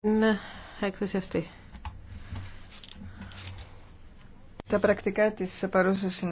την ναι, έκθεση αυτή. Τα πρακτικά της παρούσας